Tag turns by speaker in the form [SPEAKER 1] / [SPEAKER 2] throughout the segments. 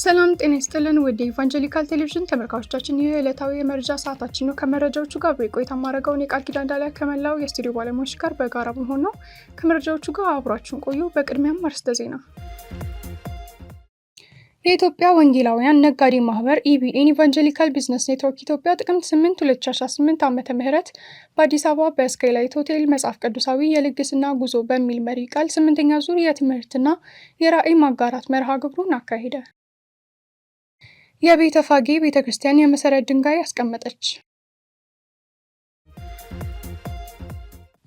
[SPEAKER 1] ሰላም ጤና ይስጥልን ውድ ኢቫንጀሊካል ቴሌቪዥን ተመልካቾቻችን፣ ይህ የዕለታዊ የመረጃ ሰዓታችን ነው። ከመረጃዎቹ ጋር በቆይታ ማድረገውን የቃል ኪዳን ዳላ ከመላው የስቱዲዮ ባለሙያዎች ጋር በጋራ በመሆን ነው። ከመረጃዎቹ ጋር አብሯችን ቆዩ። በቅድሚያም አርዕስተ ዜና። የኢትዮጵያ ወንጌላውያን ነጋዴ ማህበር ኢቢኤን ኢቫንጀሊካል ቢዝነስ ኔትወርክ ኢትዮጵያ ጥቅምት 8 2018 ዓመተ ምህረት በአዲስ አበባ በስካይላይት ሆቴል መጽሐፍ ቅዱሳዊ የልግስና ጉዞ በሚል መሪ ቃል ስምንተኛ ዙር የትምህርትና የራዕይ ማጋራት መርሃ ግብሩን አካሄደ። የቤተፋጌ ቤተ ክርስቲያን ድንጋይ አስቀመጠች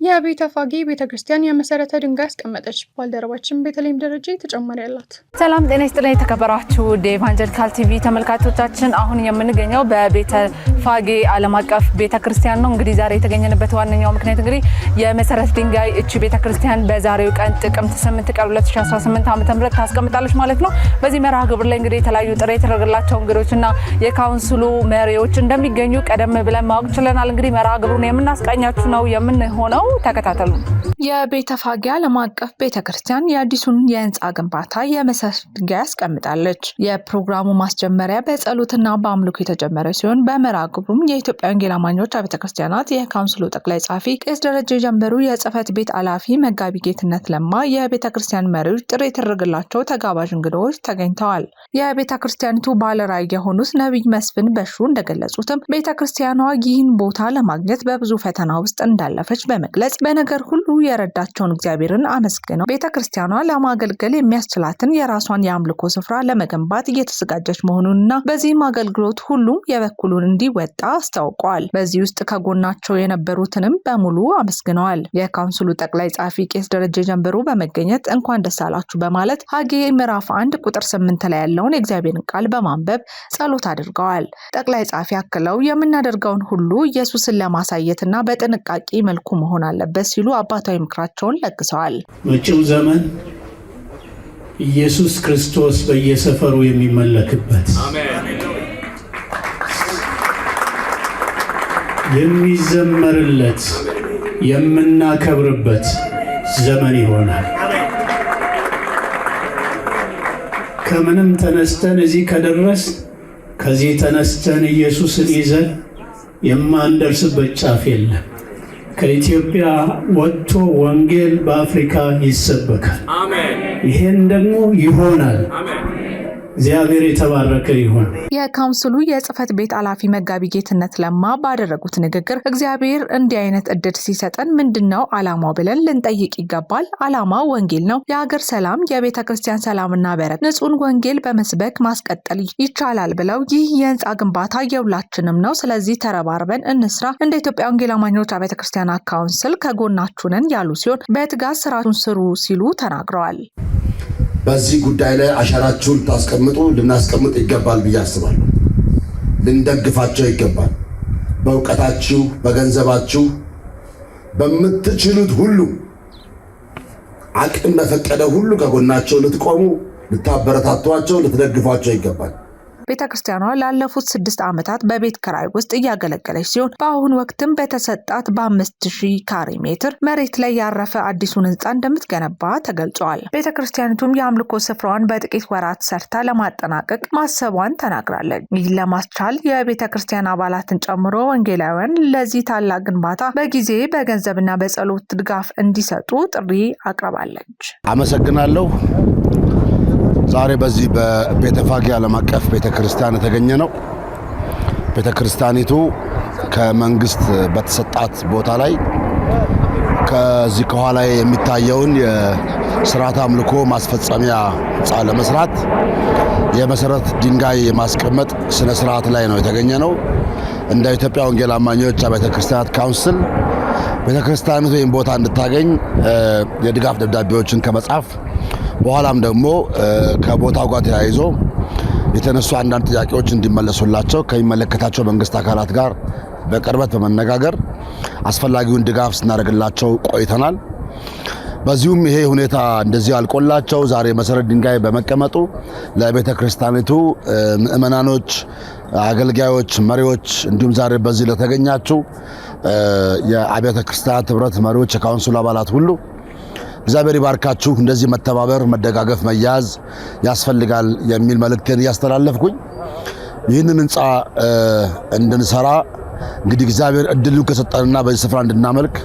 [SPEAKER 1] የቤተ ፋጌ ቤተ ክርስቲያን የመሰረተ ድንጋይ አስቀመጠች። ባልደረባችን ቤተልሔም ደረጃ ተጨማሪ ያላት።
[SPEAKER 2] ሰላም ጤና ይስጥልኝ የተከበራችሁ የኢቫንጀሊካል ቲቪ ተመልካቾቻችን፣ አሁን የምንገኘው በቤተ ፋጌ ዓለም አቀፍ ቤተ ክርስቲያን ነው። እንግዲህ ዛሬ የተገኘንበት ዋነኛው ምክንያት እንግዲህ የመሰረተ ድንጋይ እቺ ቤተ ክርስቲያን በዛሬው ቀን ጥቅምት 8 ቀን 2018 ዓ ም ታስቀምጣለች ማለት ነው። በዚህ መርሃ ግብር ላይ እንግዲህ የተለያዩ ጥሪ የተደረገላቸው እንግዶችና የካውንስሉ መሪዎች እንደሚገኙ ቀደም ብለን ማወቅ ችለናል። እንግዲህ መርሃ ግብሩን የምናስቃኛችሁ ነው የምንሆነው ተከታተሉ። የቤተፋጌ ዓለም አቀፍ ቤተ ክርስቲያን የአዲሱን የህንፃ ግንባታ የመሰረት ድንጋይ ያስቀምጣለች። የፕሮግራሙ ማስጀመሪያ በጸሎትና በአምልኮ የተጀመረ ሲሆን በመርሃ ግብሩም የኢትዮጵያ ወንጌል አማኞች ቤተ ክርስቲያናት የካውንስሉ ጠቅላይ ጸሐፊ ቄስ ደረጀ ጀንበሩ፣ የጽህፈት ቤት ኃላፊ መጋቢ ጌትነት ለማ፣ የቤተ ክርስቲያን መሪዎች፣ ጥሪ የተደረገላቸው ተጋባዥ እንግዶች ተገኝተዋል። የቤተ ክርስቲያኒቱ ባለራዕይ የሆኑት ነቢይ መስፍን በሹ እንደገለጹትም ቤተ ክርስቲያኗ ይህን ቦታ ለማግኘት በብዙ ፈተና ውስጥ እንዳለፈች በመግለጽ በነገር ሁሉ የረዳቸውን እግዚአብሔርን አመስግነው ቤተ ክርስቲያኗ ለማገልገል የሚያስችላትን የራሷን የአምልኮ ስፍራ ለመገንባት እየተዘጋጀች መሆኑንና በዚህም አገልግሎት ሁሉም የበኩሉን እንዲወጣ አስታውቀዋል። በዚህ ውስጥ ከጎናቸው የነበሩትንም በሙሉ አመስግነዋል። የካውንስሉ ጠቅላይ ጸሐፊ ቄስ ደረጀ ጀንበሩ በመገኘት እንኳን ደስ አላችሁ በማለት ሐጌ ምዕራፍ አንድ ቁጥር ስምንት ላይ ያለውን የእግዚአብሔርን ቃል በማንበብ ጸሎት አድርገዋል። ጠቅላይ ጸሐፊ አክለው የምናደርገውን ሁሉ ኢየሱስን ለማሳየትና በጥንቃቄ መልኩ መሆን አለበት ሲሉ አባታዊ ምክራቸውን ለግሰዋል።
[SPEAKER 3] መጪው ዘመን ኢየሱስ ክርስቶስ በየሰፈሩ የሚመለክበት የሚዘመርለት የምናከብርበት ዘመን ይሆናል። ከምንም ተነስተን እዚህ ከደረስ ከዚህ ተነስተን ኢየሱስን ይዘን የማንደርስበት ጫፍ የለም። ከኢትዮጵያ ወጥቶ ወንጌል በአፍሪካ ይሰበካል። ይሄን ደግሞ ይሆናል። እግዚአብሔር የተባረከ ይሁን።
[SPEAKER 2] የካውንስሉ የጽህፈት ቤት ኃላፊ መጋቢ ጌትነት ለማ ባደረጉት ንግግር እግዚአብሔር እንዲህ አይነት እድል ሲሰጠን ምንድን ነው አላማው ብለን ልንጠይቅ ይገባል። አላማው ወንጌል ነው። የሀገር ሰላም፣ የቤተ ክርስቲያን ሰላምና በረከት፣ ንጹህን ወንጌል በመስበክ ማስቀጠል ይቻላል ብለው ይህ የህንፃ ግንባታ የሁላችንም ነው። ስለዚህ ተረባርበን እንስራ። እንደ ኢትዮጵያ ወንጌል አማኞች አብያተ ክርስቲያናት ካውንስል ከጎናችሁ ነን ያሉ ሲሆን በትጋት ስራቱን ስሩ ሲሉ ተናግረዋል።
[SPEAKER 4] በዚህ ጉዳይ ላይ አሻራችሁን ታስቀምጡ ልናስቀምጥ ይገባል ብዬ አስባለሁ። ልንደግፋቸው ይገባል። በእውቀታችሁ፣ በገንዘባችሁ፣ በምትችሉት ሁሉ አቅም በፈቀደ ሁሉ ከጎናቸው ልትቆሙ፣ ልታበረታቷቸው፣ ልትደግፏቸው ይገባል።
[SPEAKER 2] ቤተ ክርስቲያኗ ላለፉት ስድስት ዓመታት በቤት ክራይ ውስጥ እያገለገለች ሲሆን በአሁኑ ወቅትም በተሰጣት በአምስት ሺህ ካሬ ሜትር መሬት ላይ ያረፈ አዲሱን ህንፃ እንደምትገነባ ተገልጿል። ቤተ ክርስቲያኒቱም የአምልኮ ስፍራዋን በጥቂት ወራት ሰርታ ለማጠናቀቅ ማሰቧን ተናግራለች። ይህ ለማስቻል የቤተ ክርስቲያን አባላትን ጨምሮ ወንጌላውያን ለዚህ ታላቅ ግንባታ በጊዜ በገንዘብና በጸሎት ድጋፍ እንዲሰጡ ጥሪ አቅርባለች።
[SPEAKER 5] አመሰግናለሁ። ዛሬ በዚህ በቤተፋጌ ዓለም አቀፍ ቤተክርስቲያን የተገኘ ነው። ቤተክርስቲያኒቱ ከመንግስት በተሰጣት ቦታ ላይ ከዚህ ከኋላ የሚታየውን የስርዓት አምልኮ ማስፈጸሚያ ህንፃ ለመስራት የመሰረት ድንጋይ የማስቀመጥ ስነ ስርዓት ላይ ነው የተገኘ ነው። እንደ ኢትዮጵያ ወንጌል አማኞች አብያተ ክርስቲያናት ካውንስል ቤተክርስቲያኒቱ ይህን ቦታ እንድታገኝ የድጋፍ ደብዳቤዎችን ከመጻፍ በኋላም ደግሞ ከቦታው ጋር ተያይዞ የተነሱ አንዳንድ ጥያቄዎች እንዲመለሱላቸው ከሚመለከታቸው መንግስት አካላት ጋር በቅርበት በመነጋገር አስፈላጊውን ድጋፍ ስናደርግላቸው ቆይተናል። በዚሁም ይሄ ሁኔታ እንደዚህ አልቆላቸው ዛሬ መሰረት ድንጋይ በመቀመጡ ለቤተ ክርስቲያኒቱ ምእመናኖች፣ አገልጋዮች፣ መሪዎች እንዲሁም ዛሬ በዚህ ለተገኛችሁ የአብያተ ክርስቲያናት ህብረት መሪዎች፣ የካውንስሉ አባላት ሁሉ እግዚአብሔር ይባርካችሁ። እንደዚህ መተባበር፣ መደጋገፍ፣ መያዝ ያስፈልጋል የሚል መልእክቴን እያስተላለፍኩኝ ይህንን ህንፃ እንድንሰራ እንግዲህ እግዚአብሔር እድሉ ከሰጠንና በዚህ ስፍራ እንድናመልክ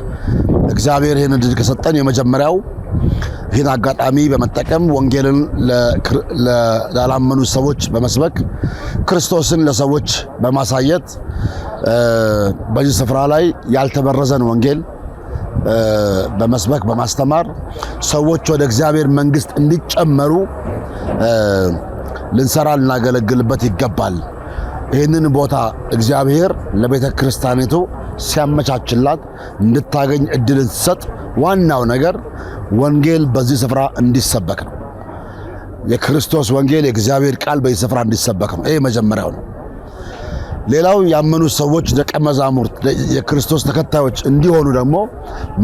[SPEAKER 5] እግዚአብሔር ይህን እድል ከሰጠን የመጀመሪያው ይህን አጋጣሚ በመጠቀም ወንጌልን ላላመኑ ሰዎች በመስበክ ክርስቶስን ለሰዎች በማሳየት በዚህ ስፍራ ላይ ያልተበረዘን ወንጌል በመስበክ በማስተማር ሰዎች ወደ እግዚአብሔር መንግስት እንዲጨመሩ ልንሰራ ልናገለግልበት ይገባል። ይህንን ቦታ እግዚአብሔር ለቤተ ክርስቲያኒቱ ሲያመቻችላት እንድታገኝ እድል ስትሰጥ ዋናው ነገር ወንጌል በዚህ ስፍራ እንዲሰበክ ነው። የክርስቶስ ወንጌል የእግዚአብሔር ቃል በዚህ ስፍራ እንዲሰበክ ነው። ይህ መጀመሪያው ነው። ሌላው ያመኑ ሰዎች ደቀ መዛሙርት የክርስቶስ ተከታዮች እንዲሆኑ ደግሞ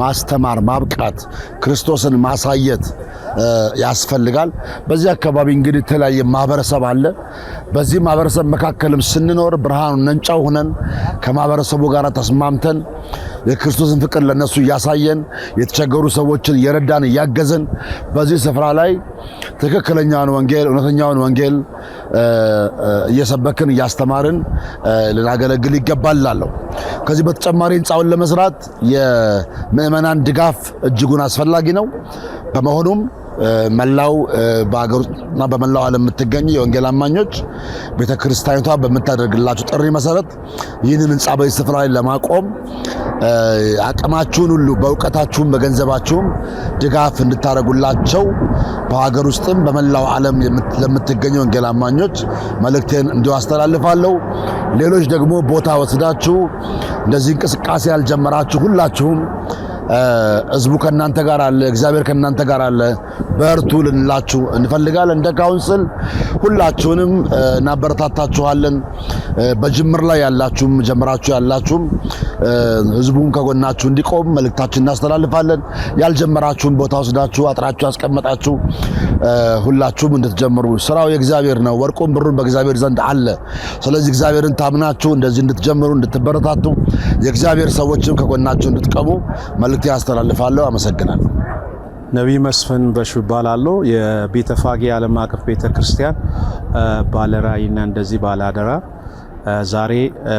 [SPEAKER 5] ማስተማር፣ ማብቃት፣ ክርስቶስን ማሳየት ያስፈልጋል። በዚህ አካባቢ እንግዲህ የተለያየ ማህበረሰብ አለ። በዚህ ማህበረሰብ መካከልም ስንኖር ብርሃኑ ነንጫው ሆነን ከማህበረሰቡ ጋር ተስማምተን የክርስቶስን ፍቅር ለነሱ እያሳየን የተቸገሩ ሰዎችን እየረዳን እያገዘን በዚህ ስፍራ ላይ ትክክለኛውን ወንጌል እውነተኛውን ወንጌል እየሰበክን እያስተማርን ልናገለግል ይገባል ከዚህ በተጨማሪ ህንፃውን ለመስራት የምእመናን ድጋፍ እጅጉን አስፈላጊ ነው። በመሆኑም መላው በሀገር ውስጥና በመላው ዓለም የምትገኙ የወንጌል አማኞች ቤተ ክርስቲያኒቷ በምታደርግላችሁ ጥሪ መሰረት ይህንን ህንፃ በዚህ ስፍራ ላይ ለማቆም አቅማችሁን ሁሉ በእውቀታችሁም በገንዘባችሁም ድጋፍ እንድታደርጉላቸው በሀገር ውስጥም በመላው ዓለም ለምትገኙ ወንጌል አማኞች መልእክቴን እንዲሁ አስተላልፋለሁ። ሌሎች ደግሞ ቦታ ወስዳችሁ እንደዚህ እንቅስቃሴ ያልጀመራችሁ ሁላችሁም ህዝቡ ከእናንተ ጋር አለ፣ እግዚአብሔር ከእናንተ ጋር አለ። በርቱ ልንላችሁ እንፈልጋለን። እንደ ካውንስል ሁላችሁንም እናበረታታችኋለን። በጅምር ላይ ያላችሁም ጀምራችሁ ያላችሁም ህዝቡን ከጎናችሁ እንዲቆም መልእክታችን እናስተላልፋለን። ያልጀመራችሁን ቦታ ወስዳችሁ አጥራችሁ ያስቀመጣችሁ ሁላችሁም እንድትጀምሩ። ስራው የእግዚአብሔር ነው፣ ወርቁን ብሩን በእግዚአብሔር ዘንድ አለ። ስለዚህ እግዚአብሔርን ታምናችሁ እንደዚህ እንድትጀምሩ እንድትበረታቱ፣ የእግዚአብሔር ሰዎችም ከጎናችሁ እንድትቀሙ መልእክት ያስተላልፋለሁ። አመሰግናለሁ።
[SPEAKER 6] ነቢይ መስፍን በሹ ይባላሉ። የቤተፋጌ ዓለም አቀፍ ቤተክርስቲያን ባለራዕይና እንደዚህ ባለአደራ። ዛሬ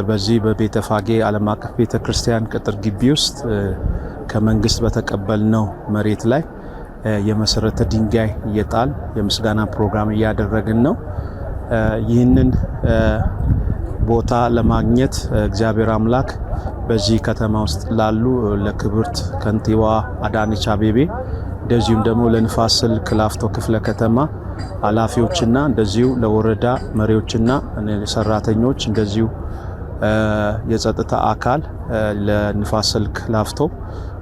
[SPEAKER 6] በዚህ በቤተፋጌ ዓለም አቀፍ ቤተክርስቲያን ቅጥር ግቢ ውስጥ ከመንግስት በተቀበልነው መሬት ላይ የመሰረተ ድንጋይ እየጣል የምስጋና ፕሮግራም እያደረግን ነው። ይህንን ቦታ ለማግኘት እግዚአብሔር አምላክ በዚህ ከተማ ውስጥ ላሉ ለክብርት ከንቲባ አዳነች አቤቤ እንደዚሁም ደግሞ ለንፋስ ስልክ ላፍቶ ክፍለ ከተማ ኃላፊዎችና እንደዚሁ ለወረዳ መሪዎችና ሰራተኞች እንደዚሁ የጸጥታ አካል ለንፋስ ስልክ ላፍቶ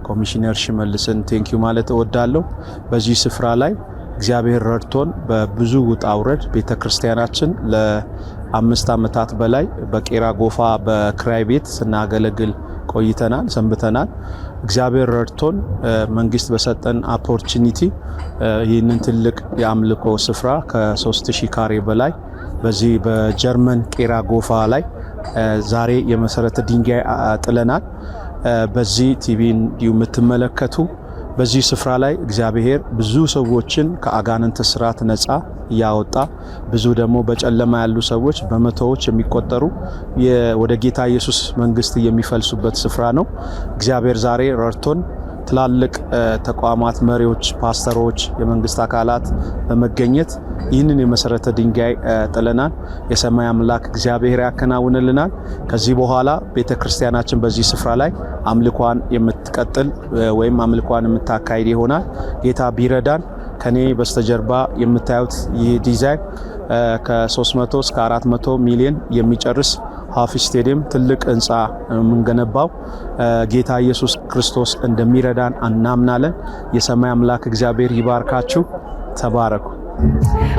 [SPEAKER 6] ኮሚሽነር ሽመልስን ቴንኪዩ ማለት እወዳለሁ። በዚህ ስፍራ ላይ እግዚአብሔር ረድቶን በብዙ ውጣ ውረድ ቤተ ክርስቲያናችን ለአምስት ዓመታት በላይ በቄራ ጎፋ በክራይ ቤት ስናገለግል ቆይተናል ሰንብተናል። እግዚአብሔር ረድቶን መንግስት በሰጠን ኦፖርቹኒቲ ይህንን ትልቅ የአምልኮ ስፍራ ከ3000 ካሬ በላይ በዚህ በጀርመን ቄራ ጎፋ ላይ ዛሬ የመሰረተ ድንጋይ ጥለናል። በዚህ ቲቪ እንዲሁ የምትመለከቱ በዚህ ስፍራ ላይ እግዚአብሔር ብዙ ሰዎችን ከአጋንንት ስርዓት ነጻ እያወጣ ብዙ ደግሞ በጨለማ ያሉ ሰዎች በመቶዎች የሚቆጠሩ ወደ ጌታ ኢየሱስ መንግስት የሚፈልሱበት ስፍራ ነው። እግዚአብሔር ዛሬ ረድቶን ትላልቅ ተቋማት መሪዎች፣ ፓስተሮች፣ የመንግስት አካላት በመገኘት ይህንን የመሰረተ ድንጋይ ጥለናል። የሰማይ አምላክ እግዚአብሔር ያከናውንልናል። ከዚህ በኋላ ቤተ ክርስቲያናችን በዚህ ስፍራ ላይ አምልኳን የምትቀጥል ወይም አምልኳን የምታካሂድ ይሆናል። ጌታ ቢረዳን ከኔ በስተጀርባ የምታዩት ይህ ዲዛይን ከ300 እስከ 400 ሚሊዮን የሚጨርስ ሀፍ ስቴዲየም ትልቅ ህንፃ የምንገነባው ጌታ ኢየሱስ ክርስቶስ እንደሚረዳን እናምናለን። የሰማይ አምላክ እግዚአብሔር ይባርካችሁ። ተባረኩ።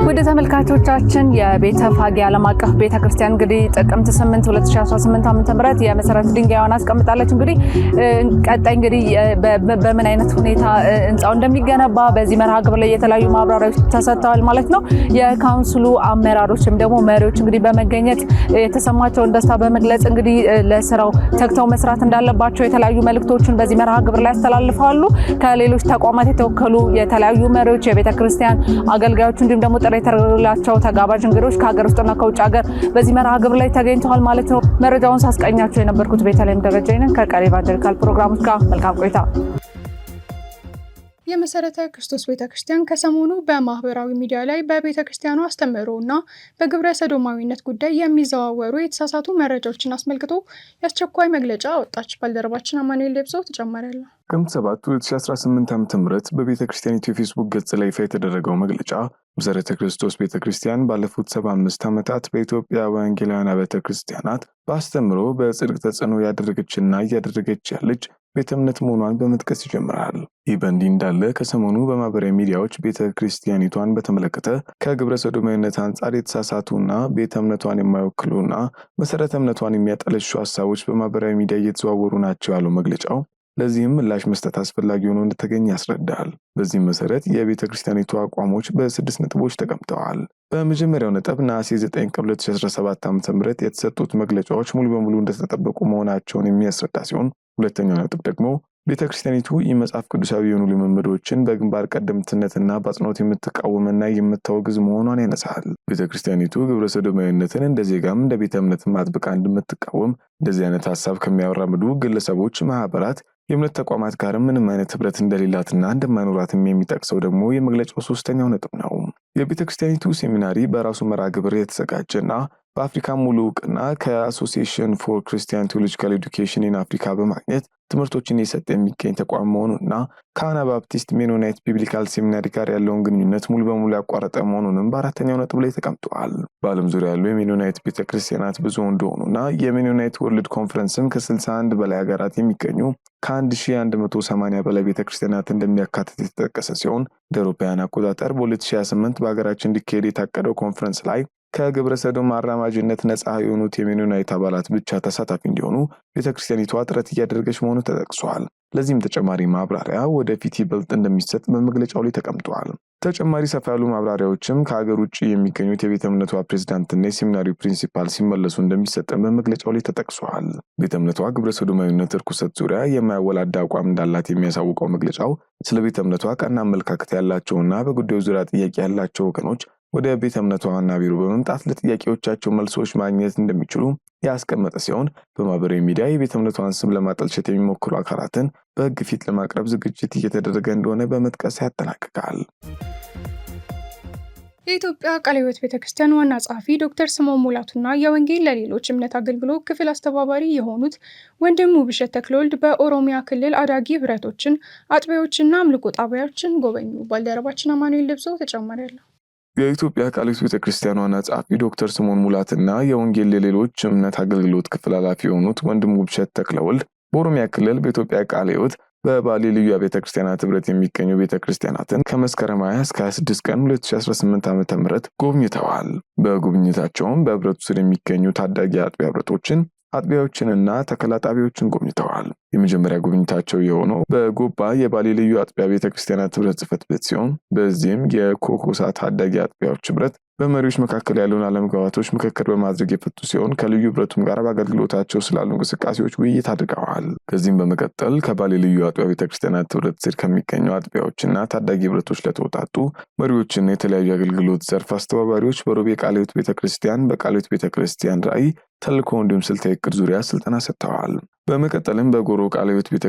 [SPEAKER 1] ወደ ተመልካቾቻችን የቤተ ፋጌ ዓለም አቀፍ ቤተ ክርስቲያን እንግዲህ ጥቅምት 8 2018 ዓ ም የመሰረት ድንጋይዋን አስቀምጣለች። እንግዲህ ቀጣይ እንግዲህ በምን አይነት ሁኔታ ህንፃው እንደሚገነባ በዚህ መርሃ ግብር ላይ የተለያዩ ማብራሪያዎች ተሰጥተዋል ማለት ነው። የካውንስሉ አመራሮች ወይም ደግሞ መሪዎች እንግዲህ በመገኘት የተሰማቸውን ደስታ በመግለጽ እንግዲህ ለስራው ተግተው መስራት እንዳለባቸው የተለያዩ መልእክቶችን በዚህ መርሃ ግብር ላይ ያስተላልፋሉ። ከሌሎች ተቋማት የተወከሉ የተለያዩ መሪዎች፣ የቤተ ክርስቲያን አገልጋዮች ተወካዮች እንዲሁም ደግሞ ጥሪ የተደረገላቸው ተጋባዥ እንግዶች ከሀገር ውስጥና ከውጭ ሀገር በዚህ መርሃ ግብር ላይ ተገኝተዋል ማለት ነው። መረጃውን ሳስቀኛቸው የነበርኩት ቤተልሔም ደረጃ ነኝ። ከቀሪ ኢቫንጀሊካል ፕሮግራሞች ጋር መልካም ቆይታ የመሰረተ ክርስቶስ ቤተ ክርስቲያን ከሰሞኑ በማህበራዊ ሚዲያ ላይ በቤተ ክርስቲያኑ አስተምህሮ እና በግብረ ሰዶማዊነት ጉዳይ የሚዘዋወሩ የተሳሳቱ መረጃዎችን አስመልክቶ የአስቸኳይ መግለጫ ወጣች ባልደረባችን አማኑኤል ለብሰው ተጨማሪ ያለ
[SPEAKER 7] ጥቅምት 7 2018 ዓ ም በቤተ ክርስቲያኒቱ የፌስቡክ ገጽ ላይ ይፋ የተደረገው መግለጫ መሰረተ ክርስቶስ ቤተ ክርስቲያን ባለፉት 75 ዓመታት በኢትዮጵያ ወንጌላውያን ቤተ ክርስቲያናት በአስተምሮ በጽድቅ ተጽዕኖ ያደረገችና እያደረገች ያለች ቤተ እምነት መሆኗን በመጥቀስ ይጀምራል። ይህ በእንዲህ እንዳለ ከሰሞኑ በማህበራዊ ሚዲያዎች ቤተ ክርስቲያኒቷን በተመለከተ ከግብረ ሰዶማዊነት አንጻር የተሳሳቱና ቤተ እምነቷን የማይወክሉና መሰረተ እምነቷን የሚያጠለሹ ሀሳቦች በማህበራዊ ሚዲያ እየተዘዋወሩ ናቸው ያለው መግለጫው ለዚህም ምላሽ መስጠት አስፈላጊ ሆኖ እንደተገኘ ያስረዳል። በዚህም መሰረት የቤተ ክርስቲያኒቱ አቋሞች በስድስት ነጥቦች ተቀምጠዋል። በመጀመሪያው ነጥብ ነሐሴ 9 ቀን 2017 ዓ ም የተሰጡት መግለጫዎች ሙሉ በሙሉ እንደተጠበቁ መሆናቸውን የሚያስረዳ ሲሆን ሁለተኛው ነጥብ ደግሞ ቤተ ክርስቲያኒቱ የመጽሐፍ ቅዱሳዊ የሆኑ ልምምዶችን በግንባር ቀደምትነትና በአጽንኦት የምትቃወምና የምታወግዝ መሆኗን ያነሳል። ቤተ ክርስቲያኒቱ ግብረ ሰዶማዊነትን እንደ ዜጋም እንደ ቤተ እምነትም አጥብቃ እንደምትቃወም እንደዚህ አይነት ሀሳብ ከሚያራምዱ ግለሰቦች፣ ማህበራት፣ የእምነት ተቋማት ጋር ምንም አይነት ህብረት እንደሌላትና እንደማይኖራትም የሚጠቅሰው ደግሞ የመግለጫው ሶስተኛው ነጥብ ነው። የቤተ ክርስቲያኒቱ ሴሚናሪ በራሱ መርሃ ግብር የተዘጋጀና በአፍሪካ ሙሉ እውቅና ከአሶሲሽን ፎር ክርስቲያን ቴዎሎጂካል ኤዱኬሽን ኢን አፍሪካ በማግኘት ትምህርቶችን የሰጠ የሚገኝ ተቋም መሆኑ እና ከአና ባፕቲስት ሜኖናይት ቢብሊካል ሴሚናሪ ጋር ያለውን ግንኙነት ሙሉ በሙሉ ያቋረጠ መሆኑንም በአራተኛው ነጥብ ላይ ተቀምጠዋል። በዓለም ዙሪያ ያሉ የሜኖናይት ቤተ ክርስቲያናት ብዙ እንደሆኑ እና የሜኖናይት ወርልድ ኮንፈረንስም ከ61 በላይ ሀገራት የሚገኙ ከ1180 በላይ ቤተ ክርስቲያናት እንደሚያካትት የተጠቀሰ ሲሆን እንደ አውሮፓውያን አቆጣጠር በ2028 በሀገራችን እንዲካሄድ የታቀደው ኮንፈረንስ ላይ ከግብረ ሰዶም አራማጅነት ነፃ የሆኑት የሜኖናይት አባላት ብቻ ተሳታፊ እንዲሆኑ ቤተክርስቲያኒቷ ጥረት እያደረገች መሆኑ ተጠቅሷል። ለዚህም ተጨማሪ ማብራሪያ ወደፊት ይበልጥ እንደሚሰጥ በመግለጫው ላይ ተቀምጧል። ተጨማሪ ሰፋ ያሉ ማብራሪያዎችም ከሀገር ውጭ የሚገኙት የቤተ እምነቷ ፕሬዚዳንትና የሴሚናሪው ፕሪንሲፓል ሲመለሱ እንደሚሰጠን በመግለጫው ላይ ተጠቅሷል። ቤተ እምነቷ ግብረ ሰዶማዊነት እርኩሰት ዙሪያ የማያወላዳ አቋም እንዳላት የሚያሳውቀው መግለጫው ስለ ቤተ እምነቷ ቀና አመለካከት ያላቸውና በጉዳዩ ዙሪያ ጥያቄ ያላቸው ወገኖች ወደ ቤተ እምነቱ ዋና ቢሮ በመምጣት ለጥያቄዎቻቸው መልሶች ማግኘት እንደሚችሉ ያስቀመጠ ሲሆን በማህበራዊ ሚዲያ የቤተ እምነቷን ስም ለማጠልሸት የሚሞክሩ አካላትን በሕግ ፊት ለማቅረብ ዝግጅት እየተደረገ እንደሆነ በመጥቀስ ያጠናቅቃል።
[SPEAKER 1] የኢትዮጵያ ቃለ ሕይወት ቤተ ክርስቲያን ዋና ጸሐፊ ዶክተር ስምዖን ሙላቱና የወንጌል ለሌሎች እምነት አገልግሎት ክፍል አስተባባሪ የሆኑት ወንድሙ ውብሸት ተክለወልድ በኦሮሚያ ክልል አዳጊ ህብረቶችን፣ አጥቢያዎችና አምልኮ ጣቢያዎችን ጎበኙ። ባልደረባችን አማኑኤል ልብሶ ተጨማሪ ያለው
[SPEAKER 8] የኢትዮጵያ ቃሊቲ ቤተ ክርስቲያን ዋና ጸሐፊ ዶክተር ስምዖን ሙላትና የወንጌል የሌሎች እምነት አገልግሎት ክፍል ኃላፊ የሆኑት ወንድም ውብሸት ተክለወልድ በኦሮሚያ ክልል በኢትዮጵያ ቃለ ሕይወት በባሌ ልዩ ቤተ ክርስቲያናት ህብረት የሚገኙ ቤተ ክርስቲያናትን ከመስከረም 20 እስከ 26 ቀን 2018 ዓ ም ጎብኝተዋል። በጉብኝታቸውም በህብረቱ ስር የሚገኙ ታዳጊ አጥቢያ ህብረቶችን አጥቢያዎችንና ተከላጣቢዎችን ጎብኝተዋል። የመጀመሪያ ጉብኝታቸው የሆነው በጎባ የባሌ ልዩ አጥቢያ ቤተክርስቲያናት ህብረት ጽሕፈት ቤት ሲሆን በዚህም የኮኮሳ ታዳጊ አጥቢያዎች ህብረት በመሪዎች መካከል ያለውን አለመግባባቶች ምክክር በማድረግ የፈቱ ሲሆን ከልዩ ህብረቱም ጋር በአገልግሎታቸው ስላሉ እንቅስቃሴዎች ውይይት አድርገዋል። ከዚህም በመቀጠል ከባሌ ልዩ አጥቢያ ቤተክርስቲያናት ህብረት ስር ከሚገኙ አጥቢያዎችና ታዳጊ ህብረቶች ለተውጣጡ መሪዎችና የተለያዩ አገልግሎት ዘርፍ አስተባባሪዎች በሮቤ ቃልዮት ቤተክርስቲያን በቃልዮት ቤተክርስቲያን ራዕይ ተልእኮ እንዲሁም ስልታዊ እቅድ ዙሪያ ስልጠና ሰጥተዋል። በመቀጠልም በጎሮ ቃለ ሕይወት ቤተ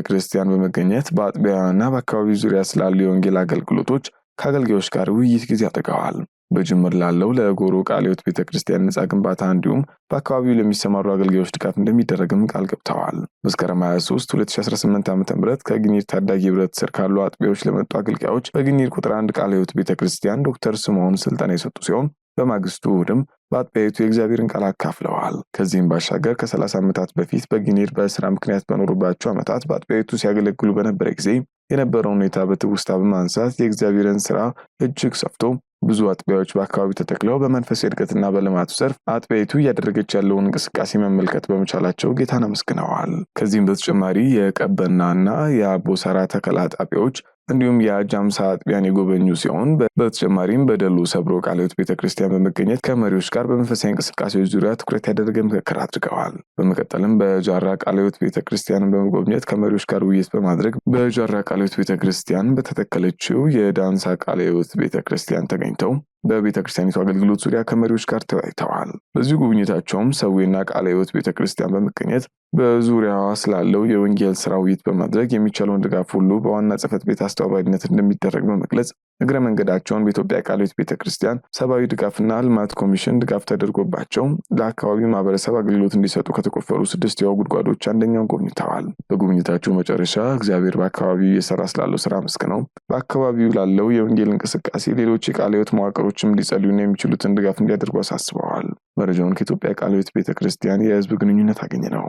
[SPEAKER 8] በመገኘት በአጥቢያና በአካባቢው ዙሪያ ስላሉ የወንጌል አገልግሎቶች ከአገልጋዮች ጋር ውይይት ጊዜ አድርገዋል። በጅምር ላለው ለጎሮ ቃለ ሕይወት ቤተ ክርስቲያን ህንፃ ግንባታ እንዲሁም በአካባቢው ለሚሰማሩ አገልጋዮች ድጋፍ እንደሚደረግም ቃል ገብተዋል። መስከረም 23 2018 ዓ ም ከግኒር ታዳጊ ህብረት ስር ካሉ አጥቢያዎች ለመጡ አገልጋዮች በግኒር ቁጥር አንድ ቃለ ሕይወት ቤተ ክርስቲያን ዶክተር ስምዖን ስልጠና የሰጡ ሲሆን በማግስቱ እሑድም በአጥቢያዊቱ የእግዚአብሔርን ቃል አካፍለዋል። ከዚህም ባሻገር ከ30 ዓመታት በፊት በግኒር በስራ ምክንያት በኖሩባቸው ዓመታት በአጥቢያዊቱ ሲያገለግሉ በነበረ ጊዜ የነበረውን ሁኔታ በትውስታ በማንሳት የእግዚአብሔርን ስራ እጅግ ሰፍቶ ብዙ አጥቢያዎች በአካባቢው ተተክለው በመንፈስ እድገትና በልማቱ ዘርፍ አጥቢያይቱ እያደረገች ያለውን እንቅስቃሴ መመልከት በመቻላቸው ጌታን አመስግነዋል። ከዚህም በተጨማሪ የቀበና እና የአቦሰራ ተከላ ጣቢያዎች እንዲሁም የአጃምሳ አምሳ አጥቢያን የጎበኙ ሲሆን በተጨማሪም በደሉ ሰብሮ ቃለ ሕይወት ቤተ ክርስቲያን በመገኘት ከመሪዎች ጋር በመንፈሳዊ እንቅስቃሴዎች ዙሪያ ትኩረት ያደረገ ምክክር አድርገዋል። በመቀጠልም በጃራ ቃለ ሕይወት ቤተ ክርስቲያን በመጎብኘት ከመሪዎች ጋር ውይይት በማድረግ በጃራ ቃለ ሕይወት ቤተ ክርስቲያን በተተከለችው የዳንሳ ቃለ ሕይወት ቤተ ክርስቲያን ተገኝተው በቤተ ክርስቲያኒቱ አገልግሎት ዙሪያ ከመሪዎች ጋር ተወያይተዋል። በዚሁ ጉብኝታቸውም ሰዊና ቃለ ሕይወት ቤተ ክርስቲያን በመገኘት በዙሪያዋ ስላለው የወንጌል ስራ ውይይት በማድረግ የሚቻለውን ድጋፍ ሁሉ በዋና ጽሕፈት ቤት አስተባባሪነት እንደሚደረግ በመግለጽ እግረ መንገዳቸውን በኢትዮጵያ ቃለ ሕይወት ቤተ ክርስቲያን ሰብአዊ ድጋፍና ልማት ኮሚሽን ድጋፍ ተደርጎባቸው ለአካባቢ ማህበረሰብ አገልግሎት እንዲሰጡ ከተቆፈሩ ስድስት የውሃ ጉድጓዶች አንደኛውን ጎብኝተዋል። በጉብኝታቸው መጨረሻ እግዚአብሔር በአካባቢው እየሰራ ስላለው ስራ መስክ ነው፣ በአካባቢው ላለው የወንጌል እንቅስቃሴ ሌሎች የቃለ ሕይወት መዋቅሮች ሰዎችም ሊጸልዩና የሚችሉትን ድጋፍ እንዲያደርጉ አሳስበዋል። መረጃውን ከኢትዮጵያ ቃለ ሕይወት ቤተ ክርስቲያን የህዝብ ግንኙነት አገኘ ነው።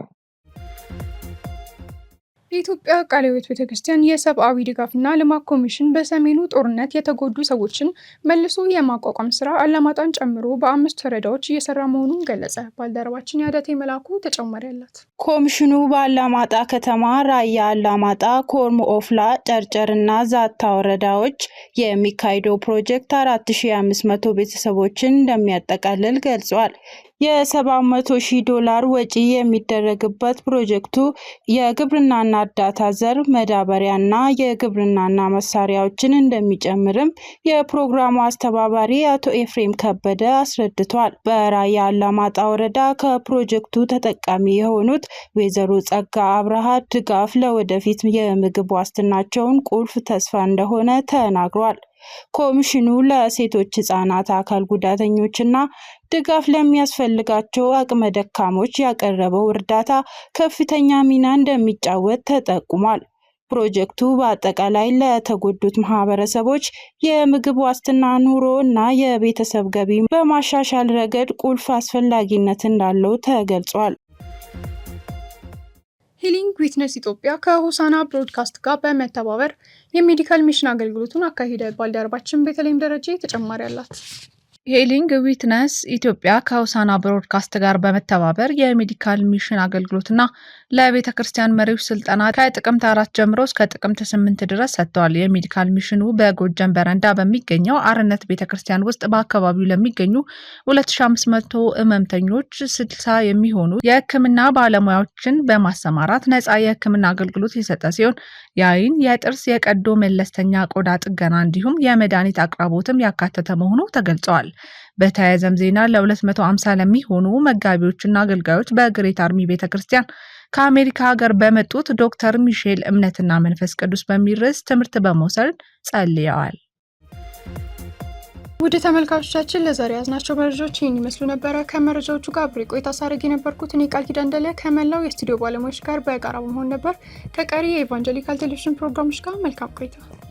[SPEAKER 1] የኢትዮጵያ ቃለ ሕይወት ቤተ የሰብአዊ ድጋፍና ልማት ኮሚሽን በሰሜኑ ጦርነት የተጎዱ ሰዎችን መልሶ የማቋቋም ስራ አላማጣን ጨምሮ በአምስት ወረዳዎች እየሰራ መሆኑን ገለጸ። ባልደረባችን ያዳቴ መላኩ ተጨማሪ አላት።
[SPEAKER 9] ኮሚሽኑ በአላማጣ ከተማ፣ ራያ አላማጣ፣ ኮርሞ ኦፍላ፣ ጨርጨርና ዛታ ወረዳዎች የሚካሄደው ፕሮጀክት 4500 ቤተሰቦችን እንደሚያጠቃልል ገልጿል። የ700 ሺህ ዶላር ወጪ የሚደረግበት ፕሮጀክቱ የግብርናና እርዳታ ዘር መዳበሪያና የግብርናና መሳሪያዎችን እንደሚጨምርም የፕሮግራሙ አስተባባሪ አቶ ኤፍሬም ከበደ አስረድቷል። በራያ አላማጣ ወረዳ ከፕሮጀክቱ ተጠቃሚ የሆኑት ወይዘሮ ጸጋ አብርሃ ድጋፍ ለወደፊት የምግብ ዋስትናቸውን ቁልፍ ተስፋ እንደሆነ ተናግሯል። ኮሚሽኑ ለሴቶች፣ ህጻናት፣ አካል ጉዳተኞችና ድጋፍ ለሚያስፈልጋቸው አቅመ ደካሞች ያቀረበው እርዳታ ከፍተኛ ሚና እንደሚጫወት ተጠቁሟል። ፕሮጀክቱ በአጠቃላይ ለተጎዱት ማህበረሰቦች የምግብ ዋስትና፣ ኑሮ እና የቤተሰብ ገቢ በማሻሻል ረገድ ቁልፍ አስፈላጊነት እንዳለው ተገልጿል።
[SPEAKER 1] ሂሊንግ ዊትነስ ኢትዮጵያ ከሆሳና ብሮድካስት ጋር በመተባበር የሜዲካል ሚሽን አገልግሎቱን አካሂደ። ባልደረባችን በተለይም ደረጃ ተጨማሪ አላት።
[SPEAKER 10] ሄሊንግ ዊትነስ ኢትዮጵያ ከውሳና ብሮድካስት ጋር በመተባበር የሜዲካል ሚሽን አገልግሎትና ለቤተ ክርስቲያን መሪዎች ስልጠና ከጥቅምት አራት ጀምሮ እስከ ጥቅምት ስምንት ድረስ ሰጥተዋል። የሜዲካል ሚሽኑ በጎጃም በረንዳ በሚገኘው አርነት ቤተ ክርስቲያን ውስጥ በአካባቢው ለሚገኙ 2500 ህመምተኞች 60 የሚሆኑ የህክምና ባለሙያዎችን በማሰማራት ነፃ የህክምና አገልግሎት የሰጠ ሲሆን የአይን፣ የጥርስ፣ የቀዶ መለስተኛ፣ ቆዳ ጥገና እንዲሁም የመድኃኒት አቅራቦትም ያካተተ መሆኑ ተገልጸዋል። በተያያዘም ዜና ለ250 ለሚሆኑ መጋቢዎችና አገልጋዮች በግሬት አርሚ ቤተ ክርስቲያን ከአሜሪካ ሀገር በመጡት ዶክተር ሚሼል እምነትና መንፈስ ቅዱስ በሚል ርዕስ ትምህርት በመውሰድ ጸልየዋል።
[SPEAKER 1] ውድ ተመልካቾቻችን ለዛሬ ያዝናቸው መረጃዎች ይህን ይመስሉ ነበረ። ከመረጃዎቹ ጋር አብሬ ቆይታ ሳረግ የነበርኩት እኔ ቃል ኪዳን እንደለ ከመላው የስቱዲዮ ባለሙያዎች ጋር በጋራ በመሆን ነበር። ከቀሪ የኢቫንጀሊካል ቴሌቪዥን ፕሮግራሞች ጋር መልካም ቆይታ